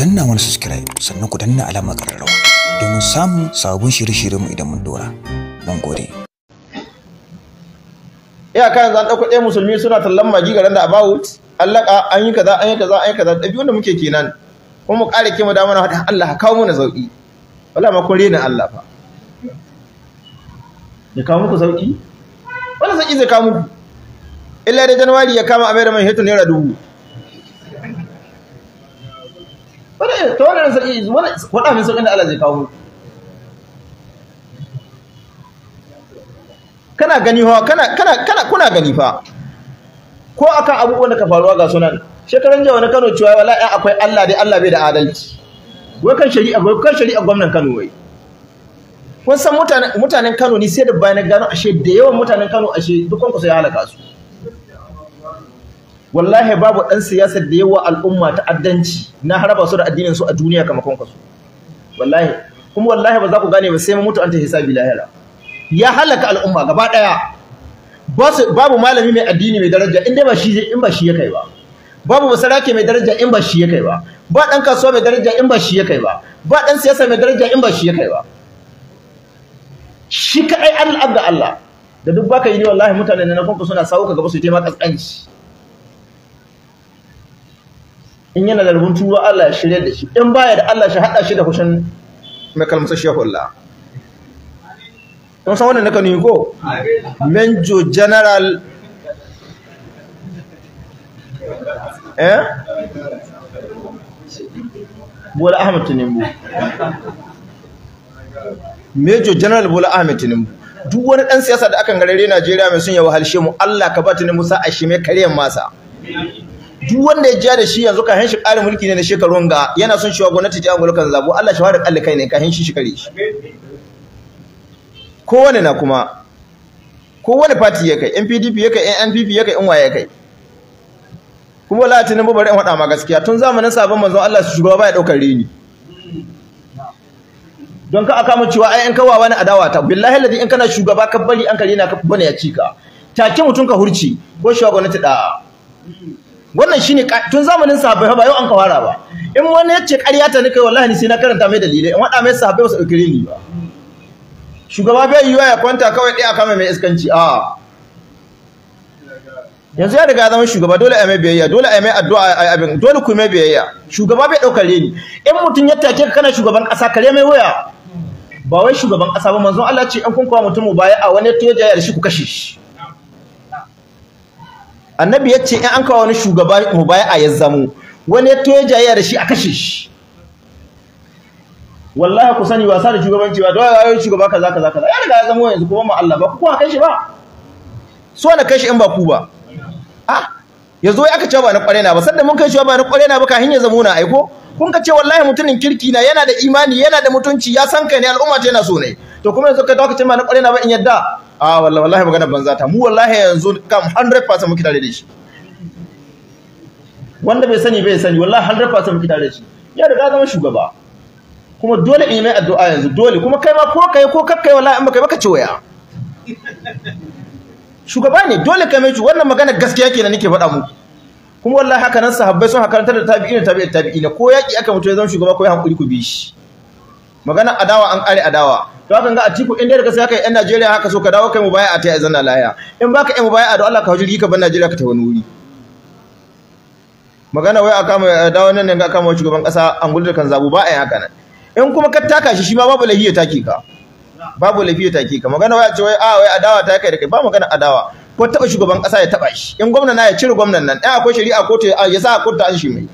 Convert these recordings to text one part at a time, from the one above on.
danna wani subscribe sannan ku danna alamar ƙararrawa domin samun sabon shirye-shiryenmu idan mun dora. Mun gode. Iya kan zan ɗauko ɗaya musulmi suna tallan magi garin da about allaka an yi kaza an yi kaza an yi kaza ɗabi'un da muke kenan kuma mu ƙara kima da mana haɗin Allah kawo mana sauƙi wala ma kun rena Allah fa ya kawo muku sauƙi wala sauƙi zai kawo muku illa da januwari ya kama a mai da mai hetun naira dubu to wannan sarki wada min sarkin da Allah zai kawo mu kana gani fa kana kana kana kuna gani fa ko akan abubuwan da ka faruwa ga sunan shekaran jawa na Kano cewa wallahi akwai Allah dai Allah bai da adalci wai kan shari'a wai kan shari'a gwamnatin Kano wai kun san mutanen Kano ni sai da bayan gano ashe da yawan mutanen Kano ashe dukkan ku sai halaka su wallahi babu ɗan siyasar da yawa al'umma ta'addanci na haraba su da addinin su a duniya kamakon kasu wallahi kuma wallahi ba za ku gane ba sai mutu an ta hisabi lahira ya halaka al'umma gaba ɗaya babu malami mai addini mai daraja in dai ba shi in ba shi ya kai ba babu basarake mai daraja in ba shi ya kai ba ba ɗan kasuwa mai daraja in ba shi ya kai ba ba ɗan siyasa mai daraja in ba shi ya kai ba shi kaɗai Allah ga Allah da duk baka yi ne wallahi mutane na kwanku suna sawo ka gaba su yi taimaka kaskanci in yana da rubun tuba Allah ya shirya da shi in baya da Allah shi hada shi da kushin mai kalmasa Allah don san wannan naka ne ko menjo general eh bola ahmed tinubu major general bola ahmed tinubu duk wani dan siyasa da akan garare najeriya mai sun yawo halshe mu allah ka ba tinubu sa a shi mai karyan masa duk wanda ya jiya da shi yanzu kahin shi ƙarin mulki ne na shekarun ga yana son shi wa gwamnati ta angulukan zabo Allah shi fara kalli kai ne ka shi shi kare shi kowane na kuma kowane party ya kai NPDP ya kai NPP ya kai NY ya kai kuma wallahi tunan babar ɗan faɗa ma gaskiya tun zamanin sabon manzon Allah su shugaba baya daukar reni don ka aka mu cewa ai in kawawa ne adawa ta billahi ladin in kana shugaba ka bari an kare na ka bane ya cika take mutun ka hurci ko shugaba wa gwamnati da wannan shine tun zamanin sahabbai ba yau an kawara ba in wani yace ƙarya ta nika wallahi ni sai na karanta mai dalilai in wada mai sahabbai wasu ukure ni ba shugaba bai yiwa ya kwanta kawai dai aka mai iskanci a yanzu ya riga zama shugaba dole a mai biyayya dole a mai addu'a a abin dole ku mai biyayya shugaba bai daukar reni in mutun ya take ka kana shugaban kasa kare mai waya ba wai shugaban kasa ba manzon Allah ce in kun kawo mutum baya a wani toje ya rishi ku kashe shi annabi ya ce in an kawo wani shugaba mu baya ya zamu wani ya toye jayayya da shi a kashe shi wallahi ku sani wasa da shugabanci ba dole ayoyin shugaba kaza kaza kaza ya riga ya zama yanzu kuma ma Allah ba ku kuma kai shi ba so na kai shi in ba ku ba ah yazo ya aka ce ba na kware na ba sanda mun kai shi ba na kware na ba kafin ya zama na aiko kun ka ce wallahi mutumin kirki na yana da imani yana da mutunci ya san kai ne al'umma ta yana so ne to kuma yanzu kai ka ce ma na kware na ba in yadda Ah, wallahi wallahi magana banza ta mu wallahi yanzu kam 100% muke tare da shi wanda bai sani bai sani wallahi 100% muke tare da shi ya riga zama shugaba kuma dole in yi mai addu'a yanzu dole kuma kai ma ko kai ko kakkai wallahi in baka baka ci waya shugaba ne dole kai mai wannan magana gaskiya kenan nake faɗa muku kuma wallahi haka nan sahabbai sun hakarantar da tabi'in da tabi'in tabi'ina ko yaki aka mutu ya zama shugaba ko ya hankuri ku bi shi magana adawa an kare adawa to hakan ga Atiku inda daga sai gaskiya kai yan Najeriya haka so ka dawo kai mubaya'a ta na lahiya in baka yan mubaya'a da Allah ka hujji ka ban Najeriya ka ta wani wuri magana wai aka mai dawo nan ga aka mai shugaban kasa an gudu da kan zabu ba a yi haka nan in kuma ka taka shi shi ma babu lahiya take ka babu lahiya take ka magana wai a ce wai a wai adawa ta kai da kai ba magana adawa ko taba shugaban kasa ya taba shi in gwamnati na ya cire gwamnan nan ɗaya akwai shari'a kotu ya sa kotu an shi mai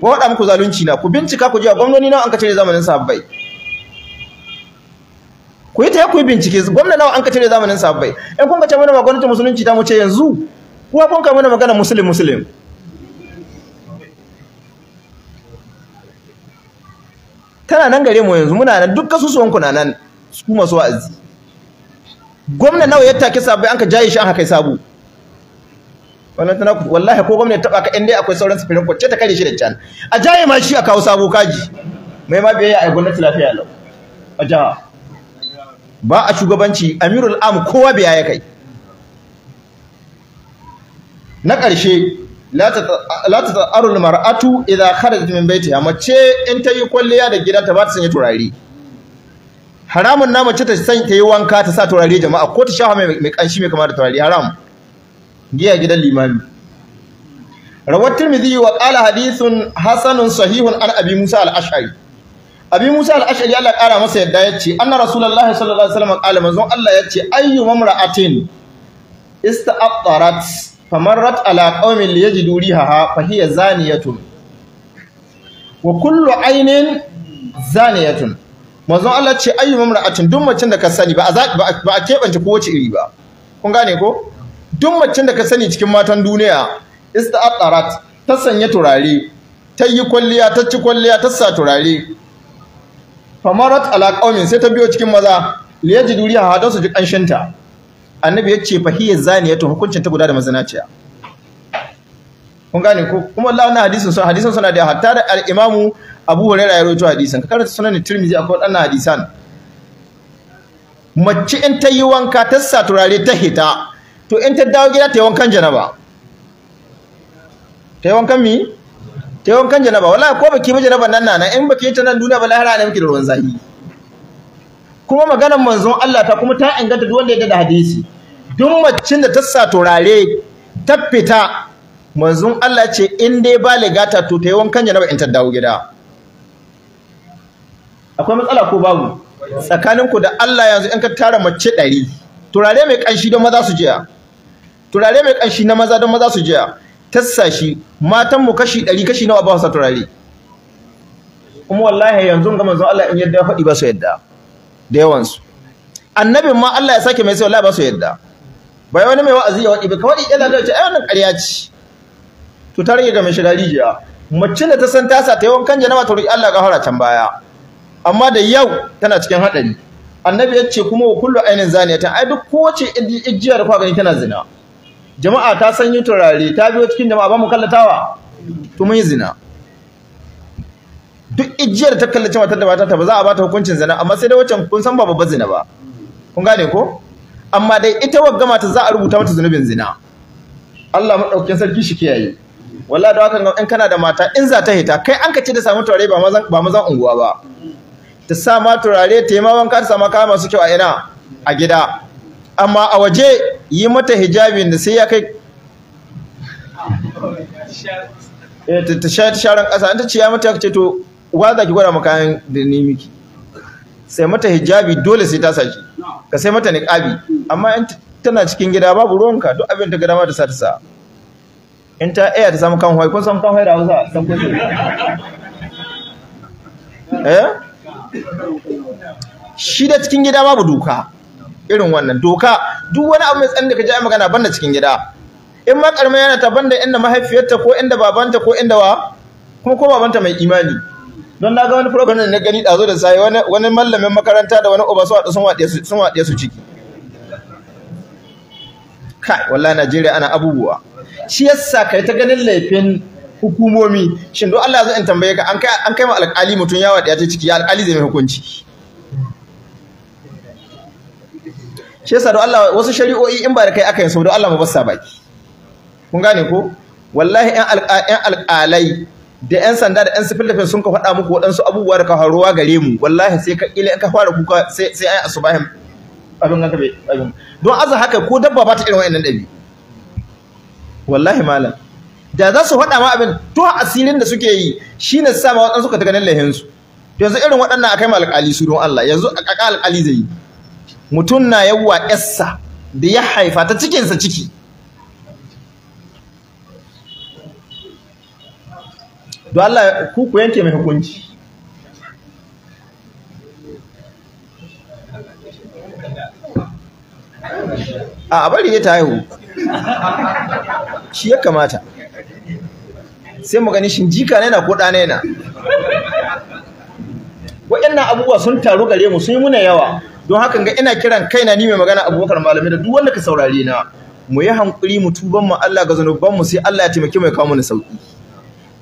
ko haɗa muku zalunci na ku bincika ku ji a gwamnoni an ka cire zamanin sahabbai ku yi ta ku yi bincike gwamna nawa an ka cire zamanin sahabbai in kun ka ce mana magana musulunci ta mu ce yanzu kuma kun ka mana magana muslim muslim tana nan gare mu yanzu muna nan duk kasusuwan ku na nan su masu wa'azi gwamna nawa ya take sabai an ka jaye shi an haka sabu wannan tana ku wallahi ko gwamna ta taba ka indai akwai sauran sufirin kwacce ta kare shi da can a jaye ma shi a kawo sabo kaji mai ma biyayya a gwamnati lafiya lau a jaha ba a shugabanci amirul am kowa biya ya kai na ƙarshe la ta tsarul mar'atu ta kharajat min baitiha mace in ta yi kwalliya da gidanta ba ta sanya turare haramun na mace ta sanya ta yi wanka ta sa turare jama'a ko ta shafa mai kanshi mai kama da turare haram giya gidan limami rawat tirmidhi wa qala hadithun hasanun sahihun an abi musa al-ash'ari abi musa al-ashari Allah kara masa yadda ya ce anna rasulullahi sallallahu alaihi wasallam qala manzon Allah ya ce ayyu mamra'atin ista'tarat famarrat ala qaumin liyajidu riha fa hiya zaniyatun wa kullu aynin zaniyatun manzon Allah ce ayyu mamra'atin duk macin da ka sani ba a ba a kebance kowace iri ba kun gane ko duk macin da ka sani cikin matan duniya ista'tarat ta sanya turare ta yi kwalliya ta ci kwalliya ta sa turare famarat ala qaumin sai ta biyo cikin maza liyajidu riha don su ji kanshin ta annabi yace fa hiya zaniyatu hukuncin ta guda da mazinaciya kun gane ko kuma Allah wannan hadisin sun hadisin suna da hatta da al-Imam Abu Hurairah ya rawaito hadisin karanta sunan Tirmidhi akwai wannan hadisan mace in ta yi wanka ta sa turare ta hita to in ta dawo gida ta yi wankan janaba ta yi wankan mi ta yi wankan janaba wala ko baki ba janaba nan nana in baki ta nan duniya ba lahira ne miki da ruwan zahi kuma maganar manzon Allah ta kuma ta inganta duk wanda ya da hadisi duk macin da ta sa turare ta fita manzon Allah ce in dai ba ligata to ta yi wankan janaba in ta dawo gida akwai matsala ko babu tsakaninku da Allah yanzu in ka tara mace ɗari turare mai kanshi don maza su jiya turare mai kanshi na maza don maza su jiya tassa shi matan mu kashi 100 kashi nawa ba su turare kuma wallahi yanzu ga manzon Allah in yadda faɗi ba su yadda da yawan su annabin ma Allah ya sake mai sai wallahi ba su yadda bai wani mai wa'azi ya wadi ba kawai yana da ce ai wannan ƙarya ce to ta rage ga mai shiga rijiya mace da ta san ta sa ta yi wankan janaba ta roki Allah gafara can baya amma da yau tana cikin haɗari annabi ya ce kuma wa kullu ainin zaniyatan ai duk kowace da kwa gani tana zina jama'a ta sanyi turare ta biyo cikin jama'a ba mu kallatawa to mun yi zina duk ijiyar ta kallace matar da matar ta ba za a bata hukuncin zina amma sai dai wacce kun san ba babban zina ba kun gane ko amma dai ita wagga mata za a rubuta mata zunubin zina Allah madaukakin sarki shi kiyaye wallahi da wakan in kana da mata in za ta hita kai an ka ce da samu turare ba mazan ba mazan unguwa ba ta sa ma turare ta yi ma wanka ta sa ma kaya masu kyau a ina a gida amma a waje yi mata hijabin da sai ya kai eh, ta sharan ƙasa an ta ce ya mata ce to wa za ki gwada makayan da ni miki sai mata hijabi dole sai ta sashi ka sai mata niqabi amma in tana cikin gida babu ruwanka duk abin ta gada ma ta sa ta sa in ta iya ta samu kan hwai kun san kan hwai da Hausa san kun eh shi da cikin gida babu duka irin wannan doka duk wani abu mai tsan da ka ji ai magana banda cikin gida in ma karma yana ta banda inda mahaifiyarta ko inda babanta ko inda wa kuma ko babanta mai imani don na ga wani program da na gani ɗazo da sai wani wani mallamin makaranta da wani oba su waɗe sun wada sun waɗe su ciki kai wallahi Najeriya ana abubuwa shi yasa kai ta ganin laifin hukumomi shin don Allah zan in tambaye ka an kai an kai ma alƙali mutun ya wada ya ce ciki ya alƙali zai mai hukunci shi yasa don Allah wasu shari'o'i in ba da kai aka yi sau don Allah mu basa baki kun gane ko wallahi yan alƙalai da yan sanda da yan sifil da sun ka faɗa muku waɗansu abubuwa da ka faruwa gare mu wallahi sai ka ƙila ka fara kuka sai sai ayi asubahin abin ganka bai abin don aza haka ko dabba ba ta irin wa'annan ɗabi wallahi malam da za su faɗa ma abin to asirin da suke yi shine sa ma waɗansu ka ta ganin lahinsu yanzu irin waɗannan akai ma alƙali su don Allah yanzu a ƙaƙa alƙali zai yi mutum na yawwa ƴarsa da ya haifa ta cikinsa ciki don Allah ku yanke mai hukunci a bari ya ta haihu shi ya kamata sai mu gani shi jika na yana ko ɗana yana waɗannan abubuwa sun taru gare mu sun yi muna yawa don hakan ga ina kiran kaina ni mai magana abubakar malami da duk wanda ka saurare na mu yi hankuri mu tuban mu Allah ga zanuban mu sai Allah ya taimake mu ya kawo mana sauki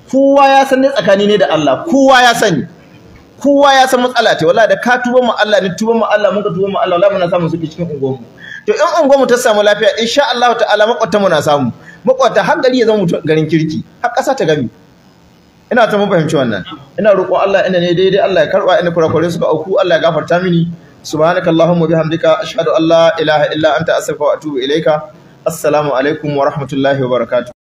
kowa ya san ne tsakani ne da Allah kowa ya sani kowa ya san matsala ce wallahi da ka tuban mu Allah ne tuban mu Allah mun ka tuban mu Allah wallahi muna samu suke cikin unguwar mu to in unguwar mu ta samu lafiya insha Allah ta'ala makwata mu na samu makwata har gari ya zama garin kirki har kasa ta gami ina ta mu fahimci wannan ina roƙon Allah ina ne daidai Allah ya karba ina kurakure suka auku Allah ya gafarta mini subhanakallahumma bihamdika ashhadu an la ilaha illa anta astaghfiruka wa atubu ilaika assalamu alaikum wa rahmatullahi wa barakatu.